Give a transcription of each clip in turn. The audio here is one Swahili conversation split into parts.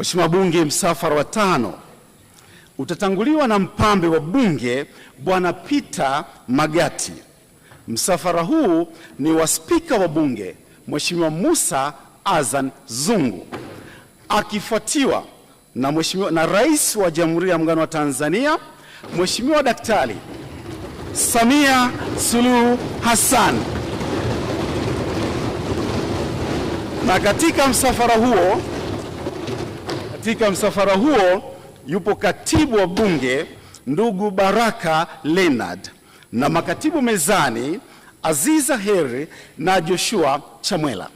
Mheshimiwa Bunge, msafara wa tano utatanguliwa na mpambe wa Bunge Bwana Peter Magati. Msafara huu ni wa Spika wa Bunge Mheshimiwa Musa Azan Zungu akifuatiwa na mheshimiwa na Rais wa Jamhuri ya Muungano wa Tanzania Mheshimiwa Daktari Samia Suluhu Hassan. Na katika msafara huo katika msafara huo yupo katibu wa bunge ndugu Baraka Leonard na makatibu mezani Aziza Heri na Joshua Chamwela.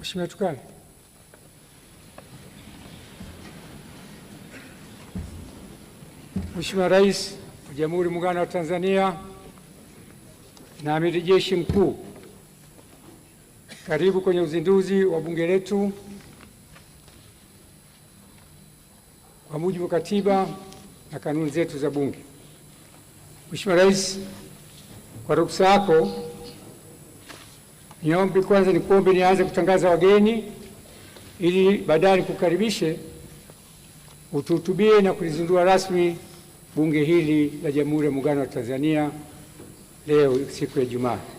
Mheshimiwa tukale Mheshimiwa Rais wa Jamhuri ya Muungano wa Tanzania na Amiri Jeshi Mkuu, karibu kwenye uzinduzi wa bunge letu. Kwa mujibu wa katiba na kanuni zetu za bunge, Mheshimiwa Rais, kwa ruksa yako Niombi kwanza ni kuombe nianze kutangaza wageni ili baadaye nikukaribishe utuhutubie na kulizindua rasmi bunge hili la Jamhuri ya Muungano wa Tanzania leo siku ya Ijumaa.